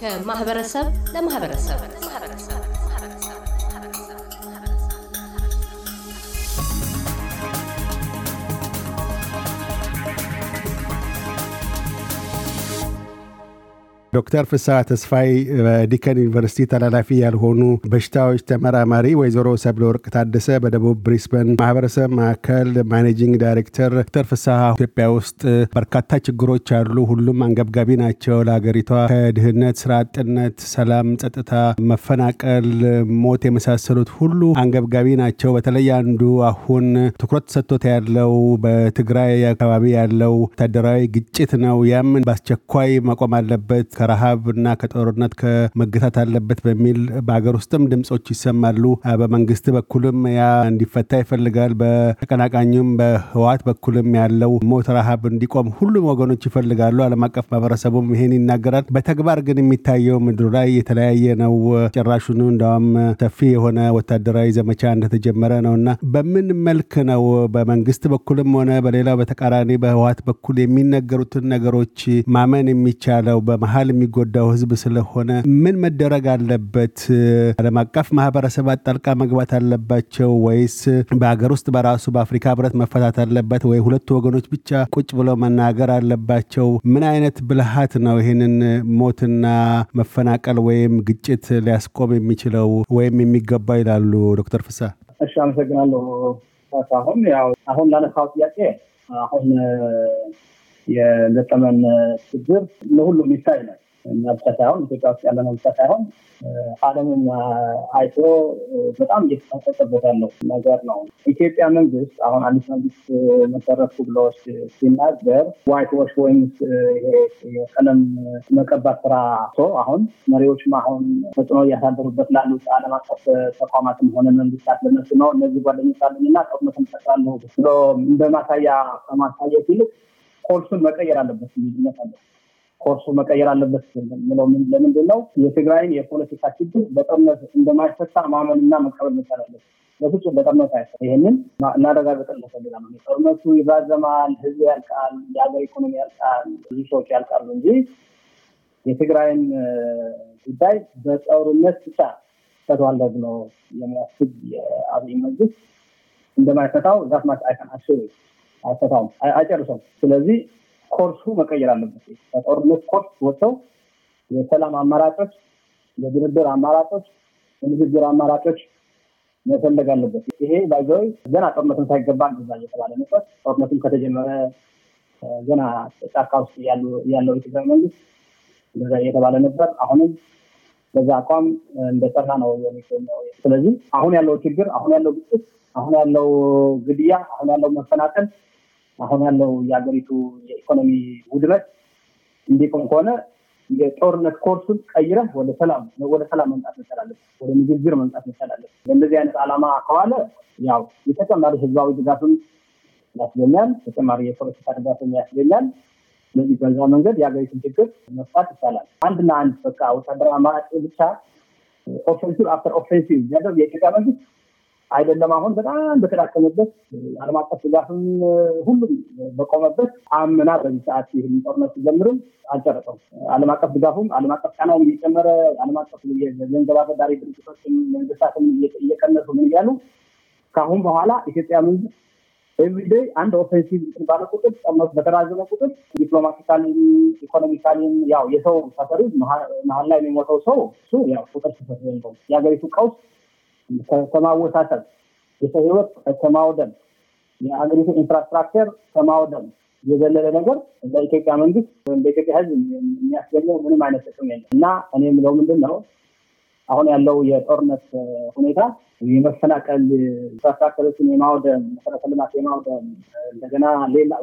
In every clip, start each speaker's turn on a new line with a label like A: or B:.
A: ከማህበረሰብ ለማህበረሰብ ዶክተር ፍሳ ተስፋይ በዲከን ዩኒቨርሲቲ ተላላፊ ያልሆኑ በሽታዎች ተመራማሪ፣ ወይዘሮ ሰብለ ወርቅ ታደሰ በደቡብ ብሪስበን ማህበረሰብ ማዕከል ማኔጂንግ ዳይሬክተር። ዶክተር ፍሳ ኢትዮጵያ ውስጥ በርካታ ችግሮች አሉ። ሁሉም አንገብጋቢ ናቸው ለሀገሪቷ። ከድህነት፣ ስራ አጥነት፣ ሰላም፣ ጸጥታ፣ መፈናቀል፣ ሞት የመሳሰሉት ሁሉ አንገብጋቢ ናቸው። በተለይ አንዱ አሁን ትኩረት ሰጥቶት ያለው በትግራይ አካባቢ ያለው ወታደራዊ ግጭት ነው። ያም በአስቸኳይ መቆም አለበት። ከረሃብና ከጦርነት ከመገታት አለበት በሚል በሀገር ውስጥም ድምፆች ይሰማሉ። በመንግስት በኩልም ያ እንዲፈታ ይፈልጋል። በተቀናቃኙም በህወሓት በኩልም ያለው ሞት ረሃብ እንዲቆም ሁሉም ወገኖች ይፈልጋሉ። ዓለም አቀፍ ማህበረሰቡም ይሄን ይናገራል። በተግባር ግን የሚታየው ምድሩ ላይ የተለያየ ነው። ጭራሹኑ እንደውም ሰፊ የሆነ ወታደራዊ ዘመቻ እንደተጀመረ ነው እና በምን መልክ ነው በመንግስት በኩልም ሆነ በሌላው በተቃራኒ በህወሓት በኩል የሚነገሩትን ነገሮች ማመን የሚቻለው በመሀል የሚጎዳው ህዝብ ስለሆነ ምን መደረግ አለበት? ዓለም አቀፍ ማህበረሰብ አጣልቃ መግባት አለባቸው ወይስ በሀገር ውስጥ በራሱ በአፍሪካ ህብረት መፈታት አለበት ወይ? ሁለቱ ወገኖች ብቻ ቁጭ ብለው መናገር አለባቸው? ምን አይነት ብልሃት ነው ይህንን ሞትና መፈናቀል ወይም ግጭት ሊያስቆም የሚችለው ወይም የሚገባው ይላሉ ዶክተር ፍሳ?
B: እሺ፣ አመሰግናለሁ። አሁን ያው አሁን ላነሳው ጥያቄ አሁን የገጠመን ችግር ለሁሉም ይታይ ነው እኛ ብቻ ሳይሆን ኢትዮጵያ ውስጥ ያለነው ብቻ ሳይሆን ዓለምም አይቶ በጣም እየተሳሰጠበት ያለው ነገር ነው። ኢትዮጵያ መንግስት አሁን አዲስ መንግስት መሰረቱ ብሎች ሲናገር ዋይት ዋሽ ወይም የቀለም መቀባት ስራ ቶ አሁን መሪዎችም አሁን ተጽዕኖ እያሳደሩበት ላሉት ዓለም አቀፍ ተቋማትም ሆነ መንግስታት ለመስ ነው እነዚህ ጓደኞች አለኝና ጠቅመት እንጠቅላለሁ ብሎ እንደማሳያ ከማሳየት ይልቅ ኮርሱን መቀየር አለበት የሚል እምነት አለ። ኮርሱ መቀየር አለበት ምለው ለምንድን ነው የትግራይን የፖለቲካ ችግር በጦርነት እንደማይፈታ ማመንና መቀበል መቻል አለበት። በፍጹም በጦርነት አይፈ ይህንን እናረጋግጠን መፈልጋ ነው። ጦርነቱ ይራዘማል፣ ህዝብ ያልቃል፣ የሀገር ኢኮኖሚ ያልቃል፣ ብዙ ሰዎች ያልቃሉ እንጂ የትግራይን ጉዳይ በጦርነት ብቻ ፈቷል ብሎ የሚያስብ የአብይ መንግስት እንደማይፈታው ዛት ማት አይፈን አይፈታውም፣ አይጨርሰውም። ስለዚህ ኮርሱ መቀየር አለበት። ከጦርነት ኮርስ ወጥተው የሰላም አማራጮች፣ የድርድር አማራጮች፣ የንግግር አማራጮች መፈለግ አለበት። ይሄ ባይዘወይ ገና ጦርነትን ሳይገባ እንደዛ እየተባለ ነበር። ጦርነቱም ከተጀመረ ገና ጫካ ውስጥ ያለው የትግራይ መንግስት እንደዛ እየተባለ ነበር። አሁንም በዛ አቋም እንደጠራ ነው የሚገኘው። ስለዚህ አሁን ያለው ችግር፣ አሁን ያለው ግጭት፣ አሁን ያለው ግድያ፣ አሁን ያለው መፈናቀል አሁን ያለው የሀገሪቱ የኢኮኖሚ ውድመት እንዲቆም ከሆነ የጦርነት ኮርሱን ቀይረህ ወደ ሰላም ወደ ሰላም መምጣት መቻላለን፣ ወደ ንግግር መምጣት መቻላለን። በእንደዚህ አይነት ዓላማ ከዋለ ያው የተጨማሪ ህዝባዊ ድጋፍም ያስገኛል፣ ተጨማሪ የፖለቲካ ድጋፍም ያስገኛል። ስለዚህ በዛ መንገድ የሀገሪቱን ችግር መፍታት ይቻላል። አንድና አንድ በቃ ወታደራዊ አማራጭ ብቻ ኦፌንሲቭ አፍተር ኦፌንሲቭ የሚያደርግ የኢትዮጵያ መንግስት አይደለም አሁን በጣም በተዳከመበት ዓለም አቀፍ ድጋፍም ሁሉም በቆመበት አምና በዚህ ሰዓት ይህን ጦርነት ሲጀምርም አልጨረሰው። ዓለም አቀፍ ድጋፉም ዓለም አቀፍ ጫና እየጨመረ ዓለም አቀፍ ገንዘብ አበዳሪ ድርጅቶችም መንግስታትም እየቀነሱ ምን እያሉ ከአሁን በኋላ ኢትዮጵያ መንግስት ኤቭሪዴይ አንድ ኦፌንሲቭ ባለ ቁጥር ጦርነት በተራዘመ ቁጥር ዲፕሎማቲካሊም ኢኮኖሚካሊም ያው የሰው ሰፈሪ መሀል ላይ የሚሞተው ሰው እሱ ያው ቁጥር የአገሪቱ ቀውስ ከማወሳሰብ፣ የሰው ህይወት ከማውደም፣ ኢንፍራስትራክቸር ከማውደም የዘለለ ነገር በኢትዮጵያ መንግስት ወይም በኢትዮጵያ ህዝብ የሚያስገኘው ምንም አይነት ጥቅም የለም እና እኔ የምለው ምንድን ነው አሁን ያለው የጦርነት ሁኔታ የመፈናቀል ኢንፍራስትራክቸሮችን የማውደም መሰረተ ልማት የማውደም እንደገና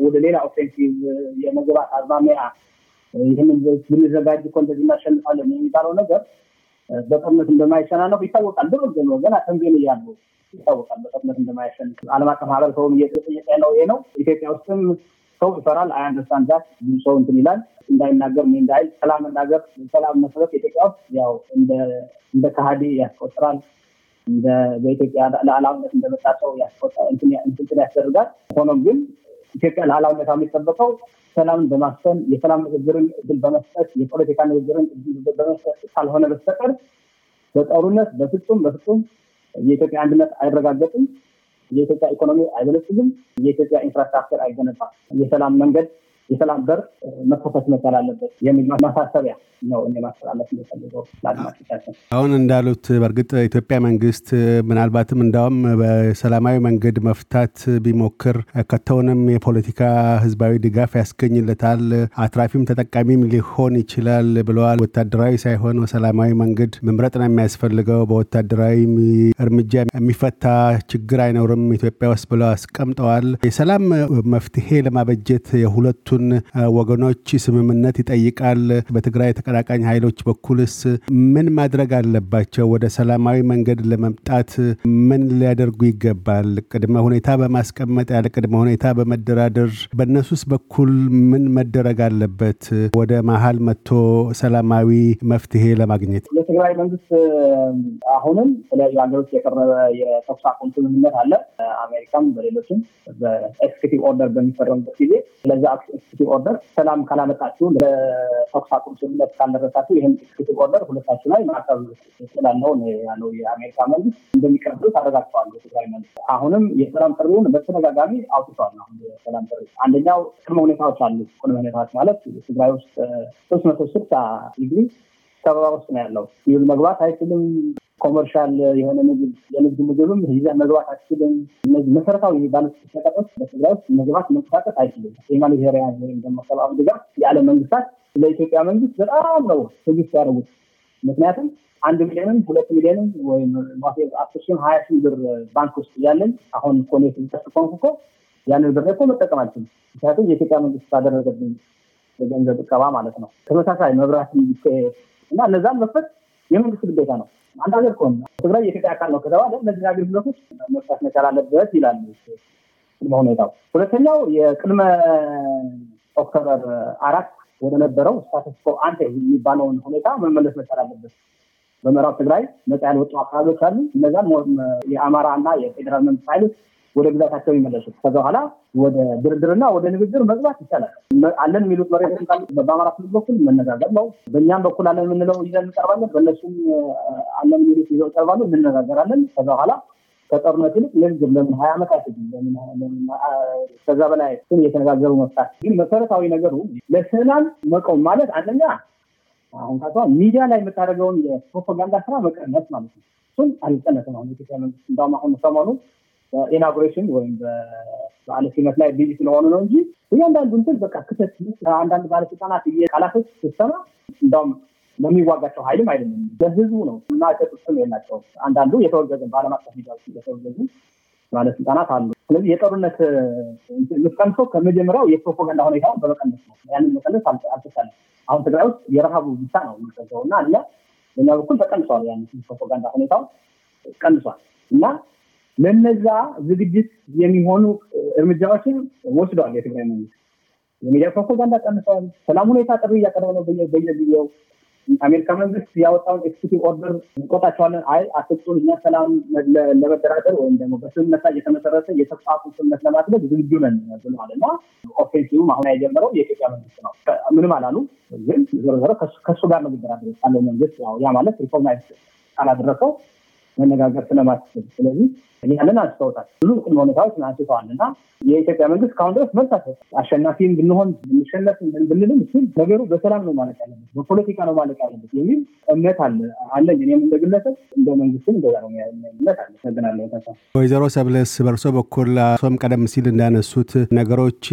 B: ወደ ሌላ ኦፌንሲቭ የመግባት አዝማሚያ ይህንን ብንዘጋጅ እኮ እንደዚህ እናሸንፋለን የሚባለው ነገር በጦርነት እንደማይሸናነፉ ይታወቃል። ድሮ ወገን አተንዜን እያሉ ይታወቃል። በጦርነት እንደማያሸንፍ ዓለም አቀፍ ማህበረሰቡም እየጠየቀ ነው። ይሄ ነው ኢትዮጵያ ውስጥም ሰው ይፈራል። አያንደርስታንድ ዛት ብዙ ሰው እንትን ይላል እንዳይናገር ምን እንዳይል ሰላም እንዳገር ሰላም መሰረት ኢትዮጵያ ውስጥ ያው እንደ ከሃዲ ያስቆጥራል። በኢትዮጵያ ሉዓላዊነት እንደመጣ ሰው ያስቆጥራል፣ እንትን ያስደርጋል። ሆኖም ግን ኢትዮጵያ ለኃላፊነቷ የሚጠበቀው ሰላምን በማስፈን የሰላም ንግግርን እድል በመስጠት የፖለቲካ ንግግርን በመስጠት ካልሆነ በስተቀር በጦርነት በፍጹም በፍጹም የኢትዮጵያ አንድነት አይረጋገጥም። የኢትዮጵያ ኢኮኖሚ አይበለጽግም። የኢትዮጵያ ኢንፍራስትራክቸር አይገነባም። የሰላም መንገድ የሰላም በር መከፈት መቻል አለበት የሚል ማሳሰቢያ ነው እ ማስተላለፍ እንደፈልገው ለአድማጮቻችን።
A: አሁን እንዳሉት በእርግጥ ኢትዮጵያ መንግስት ምናልባትም እንዳውም በሰላማዊ መንገድ መፍታት ቢሞክር ከተውንም የፖለቲካ ህዝባዊ ድጋፍ ያስገኝለታል፣ አትራፊም ተጠቃሚም ሊሆን ይችላል ብለዋል። ወታደራዊ ሳይሆን በሰላማዊ መንገድ መምረጥ ነው የሚያስፈልገው። በወታደራዊ እርምጃ የሚፈታ ችግር አይኖርም ኢትዮጵያ ውስጥ ብለው አስቀምጠዋል። የሰላም መፍትሄ ለማበጀት የሁለቱ ያሉን ወገኖች ስምምነት ይጠይቃል። በትግራይ ተቀናቃኝ ኃይሎች በኩልስ ምን ማድረግ አለባቸው? ወደ ሰላማዊ መንገድ ለመምጣት ምን ሊያደርጉ ይገባል? ቅድመ ሁኔታ በማስቀመጥ ያለ ቅድመ ሁኔታ በመደራደር በእነሱስ በኩል ምን መደረግ አለበት? ወደ መሀል መጥቶ ሰላማዊ መፍትሄ ለማግኘት
B: የትግራይ መንግስት አሁንም የተለያዩ ሀገሮች የቀረበ የተኩስ አቁም ስምምነት አለ። አሜሪካም በሌሎችም በኤክስኪቲቭ ኦርደር በሚፈረምበት ጊዜ ስለዚ ኤክስኪዩቲቭ ኦርደር ሰላም ካላመጣችሁ ለተኩስ አቁም ስምምነት ካልደረሳችሁ ይህን ኤክስኪዩቲቭ ኦርደር ሁለታችሁ ላይ ማዕቀብ ስላለው ያለው የአሜሪካ መንግስት እንደሚቀበሉት አረጋግጠዋል። የትግራይ መንግስት አሁንም የሰላም ጥሪውን በተደጋጋሚ አውጥቷል። አሁን የሰላም ጥሪ አንደኛው ቅድመ ሁኔታዎች አሉ። ቅድመ ሁኔታዎች ማለት ትግራይ ውስጥ ሶስት መቶ ስልሳ ዲግሪ ከበባ ውስጥ ነው ያለው። ይሁን መግባት አይችልም። ኮመርሻል የሆነ ምግብ የንግድ ምግብም ይዘህ መግባት አትችልም። እነዚህ መሰረታዊ የሚባሉት ሸቀጦች በትግራይ ውስጥ መግባት መንቀሳቀስ አይችልም። የማኒቴሪያን ወይም ደግሞ ሰብአዊ ድጋፍ የዓለም መንግስታት ለኢትዮጵያ መንግስት በጣም ነው ትግስት ያደርጉት። ምክንያቱም አንድ ሚሊዮንም ሁለት ሚሊዮንም ወይም አስር ሺህም ሀያ ሺህ ብር ባንክ ውስጥ እያለን አሁን ኮኔት ተስፎንክ እኮ ያንን ብር እኮ መጠቀም አልችልም። ምክንያቱም የኢትዮጵያ መንግስት ባደረገብኝ የገንዘብ እቀባ ማለት ነው። ተመሳሳይ መብራት እና እነዛን መፈት የመንግስት ግዴታ ነው። አንድ ሀገር ትግራይ የኢትዮጵያ አካል ነው ከተባለ እነዚህ አገልግሎቶች መስራት መቻል አለበት ይላሉ ቅድመ ሁኔታው። ሁለተኛው የቅድመ ኦክቶበር አራት ወደነበረው ስታተስ ኮ አንተ የሚባለውን ሁኔታ መመለስ መቻል አለበት። በምዕራብ ትግራይ ነጻ ያልወጡ አካባቢዎች አሉ። እነዛም የአማራ እና የፌዴራል መንግስት ኃይሎች ወደ ግዛታቸው ይመለሱ። ከዛ በኋላ ወደ ድርድርና ወደ ንግግር መግባት ይቻላል። አለን የሚሉት መሬት በአማራ ክልል በኩል መነጋገር ነው። በእኛም በኩል አለን የምንለው ይዘን እንቀርባለን። በእነሱም አለን የሚሉት ይዘው ይቀርባሉ። እንነጋገራለን። ከዛ በኋላ ከጦርነት ይልቅ ንግግር ለምን ሀያ ዓመት አይፈጅም? ከዛ በላይ ስም እየተነጋገሩ መፍታት። ግን መሰረታዊ ነገሩ ለሰላም መቆም ማለት አንደኛ አሁን ካቷ ሚዲያ ላይ የምታደርገውን የፕሮፓጋንዳ ስራ መቀነስ ማለት ነው። እሱም አልቀነስም። አሁን ኢትዮጵያ መንግስት እንዳውም አሁን ሰሞኑን ኢናጉሬሽን ወይም በበዓለ ሲመት ላይ ቢዚ ስለሆኑ ነው እንጂ እያንዳንዱ እንትን በቃ ክተት አንዳንድ ባለስልጣናት እየቃላቶች ስትሰማ እንዳውም ለሚዋጋቸው ሀይልም አይደለም ለህዝቡ ነው እና ጥቅም የላቸው አንዳንዱ የተወገዘ በአለም አቀፍ ሚዲያዎች የተወገዙ ባለስልጣናት አሉ። ስለዚህ የጦርነት የምትቀንሰው ከመጀመሪያው የፕሮፓጋንዳ ሁኔታ በመቀነስ ነው። ያንን መቀነስ አልተቻለ አሁን ትግራይ ውስጥ የረሃቡ ብቻ ነው የሚቀንሰው እና እኛ በኛ በኩል ተቀንሷል። ያን ፕሮፓጋንዳ ሁኔታው ቀንሷል እና ለነዛ ዝግጅት የሚሆኑ እርምጃዎችን ወስዷል። የትግራይ መንግስት የሚዲያ ፕሮፓጋንዳ ቀንሰዋል። ሰላም ሁኔታ ጥሪ እያቀረበ ነው በየጊዜው። አሜሪካ መንግስት ያወጣውን ኤክስኪዩቲቭ ኦርደር እንቆጣቸዋለን፣ አይ አስጡን፣ እኛ ሰላም ለመደራደር ወይም ደግሞ በስምምነት ላይ የተመሰረተ የተፋቁ ስምምነት ለማድረግ ዝግጁ ነን ብለዋል እና ኦፌንሲቭም አሁን የጀመረው የኢትዮጵያ መንግስት ነው። ምንም አላሉ፣ ግን ዞሮ ዞሮ ጋር ነው ሚደራደር ያለው መንግስት። ያ ማለት ሪኮግናይዝ አላደረሰው መነጋገር ስለማትችል፣ ስለዚህ ያንን አንስተውታል። ብዙ ቁም ሁኔታዎች አንስተዋል እና የኢትዮጵያ መንግስት ከአሁን ድረስ መልስ አልሰጠም። አሸናፊም ብንሆን ብንሸነፍ ብንልም እሱም ነገሩ በሰላም ነው ማለቅ ያለበት፣ በፖለቲካ ነው ማለቅ ያለበት የሚል እምነት አለ አለኝ። እኔም እንደ ግለሰብ እንደ መንግስትም እንደዛ ነው እምነት አለ። ሰግናለሁ።
A: ወይዘሮ ሰብለስ በርሶ በኩል ሶም ቀደም ሲል እንዳነሱት ነገሮች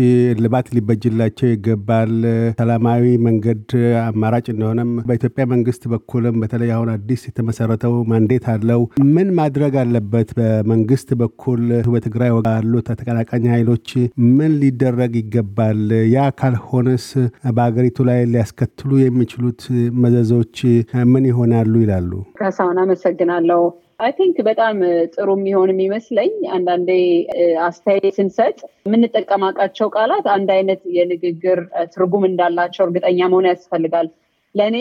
A: ልባት ሊበጅላቸው ይገባል። ሰላማዊ መንገድ አማራጭ እንደሆነም በኢትዮጵያ መንግስት በኩልም በተለይ አሁን አዲስ የተመሰረተው ማንዴት አለው ምን ማድረግ አለበት? በመንግስት በኩል በትግራይ ያሉ ተቀናቃኝ ኃይሎች ምን ሊደረግ ይገባል? ያ ካልሆነስ በሀገሪቱ ላይ ሊያስከትሉ የሚችሉት መዘዞች ምን ይሆናሉ ይላሉ።
C: ካሳሁን አመሰግናለሁ። አይ ቲንክ በጣም ጥሩ የሚሆን የሚመስለኝ አንዳንዴ አስተያየት ስንሰጥ የምንጠቀማቃቸው ቃላት አንድ አይነት የንግግር ትርጉም እንዳላቸው እርግጠኛ መሆን ያስፈልጋል። ለእኔ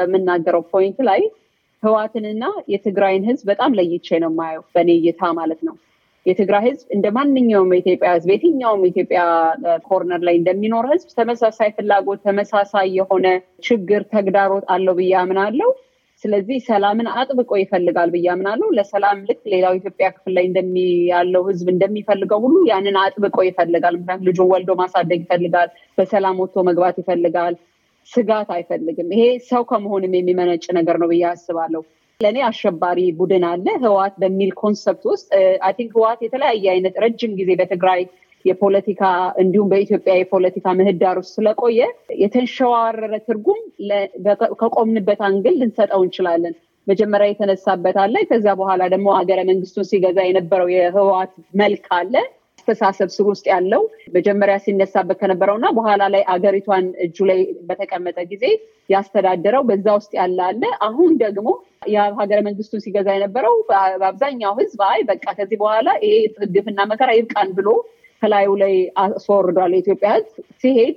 C: በምናገረው ፖይንት ላይ ህዋትንና የትግራይን ህዝብ በጣም ለይቼ ነው የማየው በእኔ እይታ ማለት ነው። የትግራይ ህዝብ እንደ ማንኛውም የኢትዮጵያ ህዝብ የትኛውም የኢትዮጵያ ኮርነር ላይ እንደሚኖር ህዝብ ተመሳሳይ ፍላጎት፣ ተመሳሳይ የሆነ ችግር፣ ተግዳሮት አለው ብዬ አምናለሁ። ስለዚህ ሰላምን አጥብቆ ይፈልጋል ብዬ አምናለሁ። ለሰላም ልክ ሌላው ኢትዮጵያ ክፍል ላይ ያለው ህዝብ እንደሚፈልገው ሁሉ ያንን አጥብቆ ይፈልጋል። ምክንያቱም ልጁን ወልዶ ማሳደግ ይፈልጋል። በሰላም ወጥቶ መግባት ይፈልጋል። ስጋት አይፈልግም። ይሄ ሰው ከመሆንም የሚመነጭ ነገር ነው ብዬ አስባለሁ። ለእኔ አሸባሪ ቡድን አለ ህወሓት በሚል ኮንሰፕት ውስጥ አይ ቲንክ ህወሓት የተለያየ አይነት ረጅም ጊዜ በትግራይ የፖለቲካ እንዲሁም በኢትዮጵያ የፖለቲካ ምህዳር ውስጥ ስለቆየ የተንሸዋረረ ትርጉም ከቆምንበት አንግል ልንሰጠው እንችላለን። መጀመሪያ የተነሳበት አለ። ከዚያ በኋላ ደግሞ ሀገረ መንግስቱን ሲገዛ የነበረው የህወሓት መልክ አለ። አስተሳሰብ ስር ውስጥ ያለው መጀመሪያ ሲነሳበት ከነበረው ና በኋላ ላይ አገሪቷን እጁ ላይ በተቀመጠ ጊዜ ያስተዳደረው በዛ ውስጥ ያለ አለ። አሁን ደግሞ የሀገረ መንግስቱን ሲገዛ የነበረው በአብዛኛው ህዝብ አይ በቃ ከዚህ በኋላ ይሄ ግፍና መከራ ይብቃን ብሎ ከላዩ ላይ አስወርዷል። የኢትዮጵያ ህዝብ ሲሄድ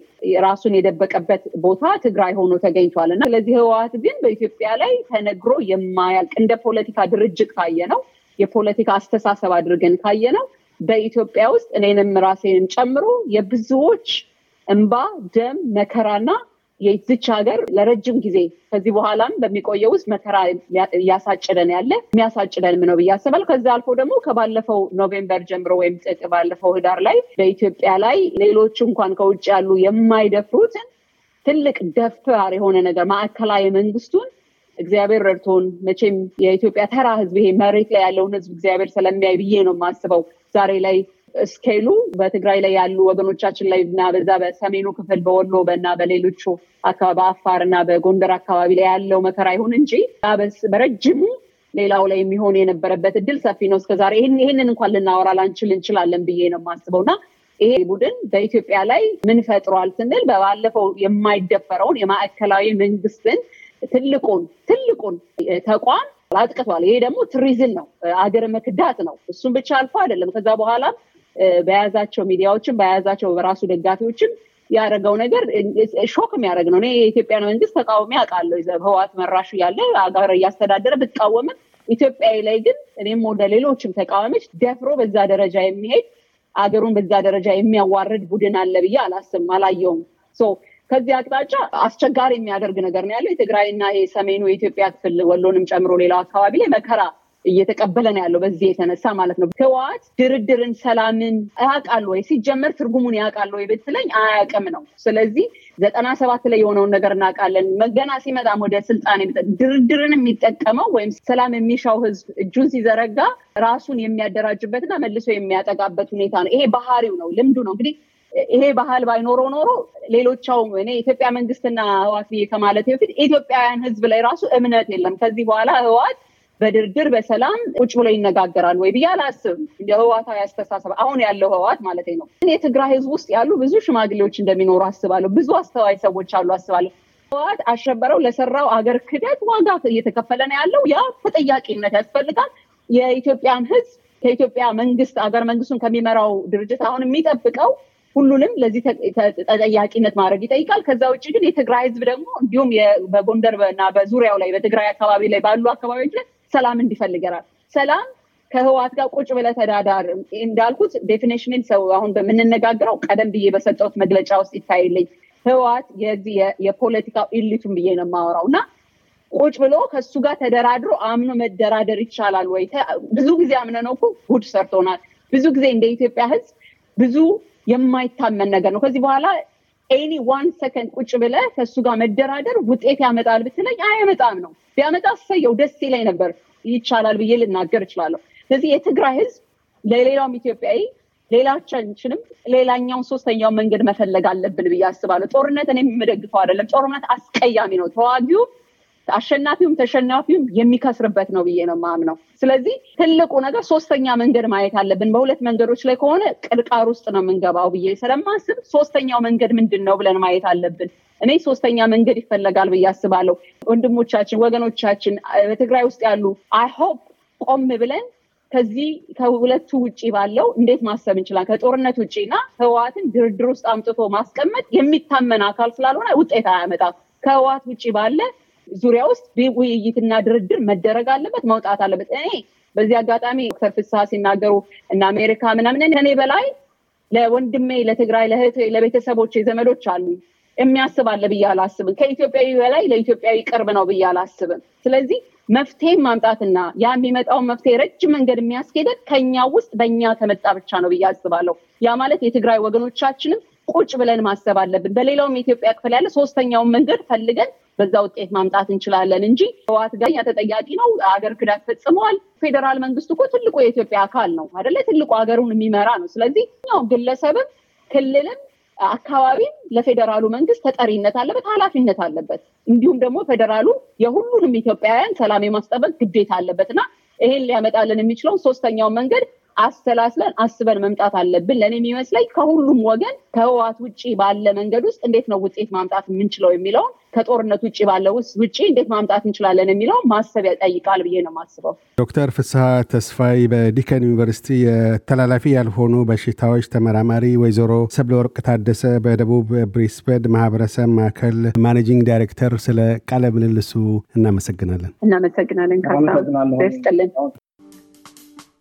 C: ራሱን የደበቀበት ቦታ ትግራይ ሆኖ ተገኝቷል እና ስለዚህ ህወሓት ግን በኢትዮጵያ ላይ ተነግሮ የማያልቅ እንደ ፖለቲካ ድርጅት ካየ ነው የፖለቲካ አስተሳሰብ አድርገን ካየ ነው በኢትዮጵያ ውስጥ እኔንም ራሴንም ጨምሮ የብዙዎች እንባ፣ ደም፣ መከራና የዝች ሀገር ለረጅም ጊዜ ከዚህ በኋላም በሚቆየው ውስጥ መከራ እያሳጭለን ያለ የሚያሳጭለንም ነው ብዬ አስባለሁ። ከዚ አልፎ ደግሞ ከባለፈው ኖቬምበር ጀምሮ ወይም ጥቅ ባለፈው ህዳር ላይ በኢትዮጵያ ላይ ሌሎች እንኳን ከውጭ ያሉ የማይደፍሩትን ትልቅ ደፋር የሆነ ነገር ማዕከላዊ መንግስቱን እግዚአብሔር ረድቶን መቼም የኢትዮጵያ ተራ ህዝብ ይሄ መሬት ላይ ያለውን ህዝብ እግዚአብሔር ስለሚያይ ብዬ ነው የማስበው። ዛሬ ላይ እስኬሉ በትግራይ ላይ ያሉ ወገኖቻችን ላይ እና በዛ በሰሜኑ ክፍል በወሎ በና በሌሎቹ አካባቢ በአፋር እና በጎንደር አካባቢ ላይ ያለው መከራ ይሁን እንጂ በረጅሙ ሌላው ላይ የሚሆን የነበረበት እድል ሰፊ ነው። እስከዛሬ ይህንን እንኳን ልናወራ ላንችል እንችላለን ብዬ ነው የማስበው እና ይሄ ቡድን በኢትዮጵያ ላይ ምን ፈጥሯል ስንል በባለፈው የማይደፈረውን የማዕከላዊ መንግስትን ትልቁን ትልቁን ተቋም አጥቅቷል። ይሄ ደግሞ ትሪዝን ነው፣ አገር መክዳት ነው። እሱም ብቻ አልፎ አይደለም ከዛ በኋላ በያዛቸው ሚዲያዎችን በያዛቸው በራሱ ደጋፊዎችን ያደረገው ነገር ሾክ የሚያደርግ ነው። እኔ የኢትዮጵያን መንግስት ተቃውሞ አውቃለሁ። ህወሓት መራሹ ያለ አገር እያስተዳደረ ብትቃወምም ኢትዮጵያ ላይ ግን እኔም ወደ ሌሎችም ተቃዋሚዎች ደፍሮ በዛ ደረጃ የሚሄድ አገሩን በዛ ደረጃ የሚያዋርድ ቡድን አለ ብዬ አላስብም፣ አላየውም። ከዚህ አቅጣጫ አስቸጋሪ የሚያደርግ ነገር ነው ያለው። የትግራይና የሰሜኑ የኢትዮጵያ ክፍል ወሎንም ጨምሮ ሌላው አካባቢ ላይ መከራ እየተቀበለ ነው ያለው። በዚህ የተነሳ ማለት ነው ህወሓት ድርድርን፣ ሰላምን ያውቃል ወይ ሲጀመር ትርጉሙን ያውቃል ወይ ብትለኝ አያውቅም ነው። ስለዚህ ዘጠና ሰባት ላይ የሆነውን ነገር እናውቃለን። መገና ሲመጣም ወደ ስልጣን ድርድርን የሚጠቀመው ወይም ሰላም የሚሻው ህዝብ እጁን ሲዘረጋ ራሱን የሚያደራጅበትና መልሶ የሚያጠቃበት ሁኔታ ነው። ይሄ ባህሪው ነው፣ ልምዱ ነው። እንግዲህ ይሄ ባህል ባይኖረው ኖሮ ሌሎቻውም እኔ ኢትዮጵያ መንግስትና ህዋት ከማለት በፊት ኢትዮጵያውያን ህዝብ ላይ ራሱ እምነት የለም። ከዚህ በኋላ ህዋት በድርድር በሰላም ቁጭ ብሎ ይነጋገራል ወይ ብዬ አላስብም። የህዋታዊ አስተሳሰብ አሁን ያለው ህዋት ማለት ነው። የትግራይ ህዝብ ውስጥ ያሉ ብዙ ሽማግሌዎች እንደሚኖሩ አስባለሁ። ብዙ አስተዋይ ሰዎች አሉ አስባለሁ። ህዋት አሸበረው ለሰራው አገር ክደት ዋጋ እየተከፈለ ነው ያለው። ያ ተጠያቂነት ያስፈልጋል። የኢትዮጵያን ህዝብ ከኢትዮጵያ መንግስት አገር መንግስቱን ከሚመራው ድርጅት አሁን የሚጠብቀው ሁሉንም ለዚህ ተጠያቂነት ማድረግ ይጠይቃል። ከዛ ውጭ ግን የትግራይ ህዝብ ደግሞ እንዲሁም በጎንደር እና በዙሪያው ላይ በትግራይ አካባቢ ላይ ባሉ አካባቢዎች ላይ ሰላም እንዲፈልገራል ሰላም ከህዋት ጋር ቁጭ ብለ ተዳዳር እንዳልኩት ዴፊኔሽንን ሰው አሁን በምንነጋገረው ቀደም ብዬ በሰጠውት መግለጫ ውስጥ ይታይልኝ ህዋት የዚህ የፖለቲካው ኢሊቱን ብዬ ነው የማወራው እና ቁጭ ብሎ ከሱ ጋር ተደራድሮ አምኖ መደራደር ይቻላል ወይ? ብዙ ጊዜ አምነ ነው ጉድ ሰርቶናል። ብዙ ጊዜ እንደ ኢትዮጵያ ህዝብ ብዙ የማይታመን ነገር ነው። ከዚህ በኋላ ኤኒ ዋን ሰከንድ ቁጭ ብለ ከእሱ ጋር መደራደር ውጤት ያመጣል ብትለኝ አያመጣም ነው። ቢያመጣ ሰየው ደስ ይለኝ ነበር፣ ይቻላል ብዬ ልናገር እችላለሁ። ስለዚህ የትግራይ ህዝብ ለሌላውም ኢትዮጵያዊ ሌላችንም ሌላኛውን ሶስተኛውን መንገድ መፈለግ አለብን ብዬ አስባለሁ። ጦርነት እኔ የምደግፈው አይደለም። ጦርነት አስቀያሚ ነው። ተዋጊው አሸናፊውም ተሸናፊውም የሚከስርበት ነው ብዬ ነው ማምነው። ስለዚህ ትልቁ ነገር ሶስተኛ መንገድ ማየት አለብን። በሁለት መንገዶች ላይ ከሆነ ቅርቃር ውስጥ ነው የምንገባው ብዬ ስለማስብ ሶስተኛው መንገድ ምንድን ነው ብለን ማየት አለብን። እኔ ሶስተኛ መንገድ ይፈለጋል ብዬ አስባለሁ። ወንድሞቻችን፣ ወገኖቻችን በትግራይ ውስጥ ያሉ አይሆፕ ቆም ብለን ከዚህ ከሁለቱ ውጭ ባለው እንዴት ማሰብ እንችላል ከጦርነት ውጭና ህወትን ድርድር ውስጥ አምጥቶ ማስቀመጥ የሚታመን አካል ስላልሆነ ውጤት አያመጣም። ከህወሓት ውጭ ባለ ዙሪያ ውስጥ ውይይትና ድርድር መደረግ አለበት፣ መውጣት አለበት። እኔ በዚህ አጋጣሚ ዶክተር ፍስሀ ሲናገሩ እና አሜሪካ ምናምን እኔ በላይ ለወንድሜ ለትግራይ ለህት ለቤተሰቦች ዘመዶች አሉ የሚያስብ አለ ብዬ አላስብም። ከኢትዮጵያዊ በላይ ለኢትዮጵያዊ ቅርብ ነው ብዬ አላስብም። ስለዚህ መፍትሄ ማምጣትና ያ የሚመጣውን መፍትሄ ረጅም መንገድ የሚያስኬደን ከኛ ውስጥ በእኛ ከመጣ ብቻ ነው ብዬ አስባለሁ። ያ ማለት የትግራይ ወገኖቻችንም ቁጭ ብለን ማሰብ አለብን። በሌላውም የኢትዮጵያ ክፍል ያለ ሶስተኛውን መንገድ ፈልገን በዛ ውጤት ማምጣት እንችላለን እንጂ ህዋት ጋር ተጠያቂ ነው። አገር ክዳት ፈጽመዋል። ፌዴራል መንግስት እኮ ትልቁ የኢትዮጵያ አካል ነው አደለ? ትልቁ ሀገሩን የሚመራ ነው። ስለዚህ ኛው ግለሰብም ክልልም አካባቢም ለፌዴራሉ መንግስት ተጠሪነት አለበት፣ ኃላፊነት አለበት። እንዲሁም ደግሞ ፌዴራሉ የሁሉንም ኢትዮጵያውያን ሰላም የማስጠበቅ ግዴታ አለበት እና ይሄን ሊያመጣልን የሚችለውን ሶስተኛውን መንገድ አሰላስለን አስበን መምጣት አለብን። ለእኔ የሚመስለኝ ከሁሉም ወገን ከህወሓት ውጭ ባለ መንገድ ውስጥ እንዴት ነው ውጤት ማምጣት የምንችለው የሚለውን ከጦርነት ውጭ ባለው ውስጥ ውጭ እንዴት ማምጣት እንችላለን የሚለው ማሰብ ያጠይቃል ብዬ
A: ነው የማስበው። ዶክተር ፍስሐ ተስፋይ በዲከን ዩኒቨርሲቲ የተላላፊ ያልሆኑ በሽታዎች ተመራማሪ፣ ወይዘሮ ሰብለ ወርቅ ታደሰ በደቡብ ብሪስበን ማህበረሰብ ማዕከል ማኔጂንግ ዳይሬክተር፣ ስለ ቃለ ምልልሱ እናመሰግናለን።
C: እናመሰግናለን ካሳ ስጥልን።